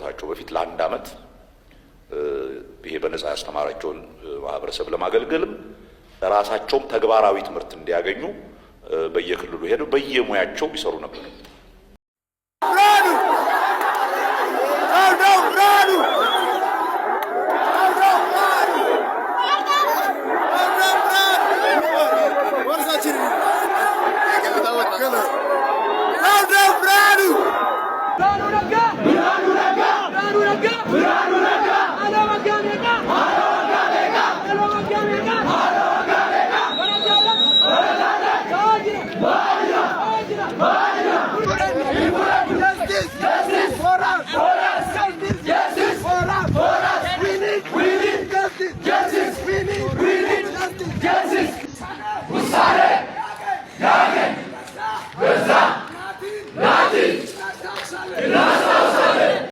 ከመግባታቸው በፊት ለአንድ አመት ይሄ በነጻ ያስተማራቸውን ማህበረሰብ ለማገልገልም ራሳቸውም ተግባራዊ ትምህርት እንዲያገኙ በየክልሉ ሄደው በየሙያቸው ይሰሩ ነበር። ಇಲ್ಲ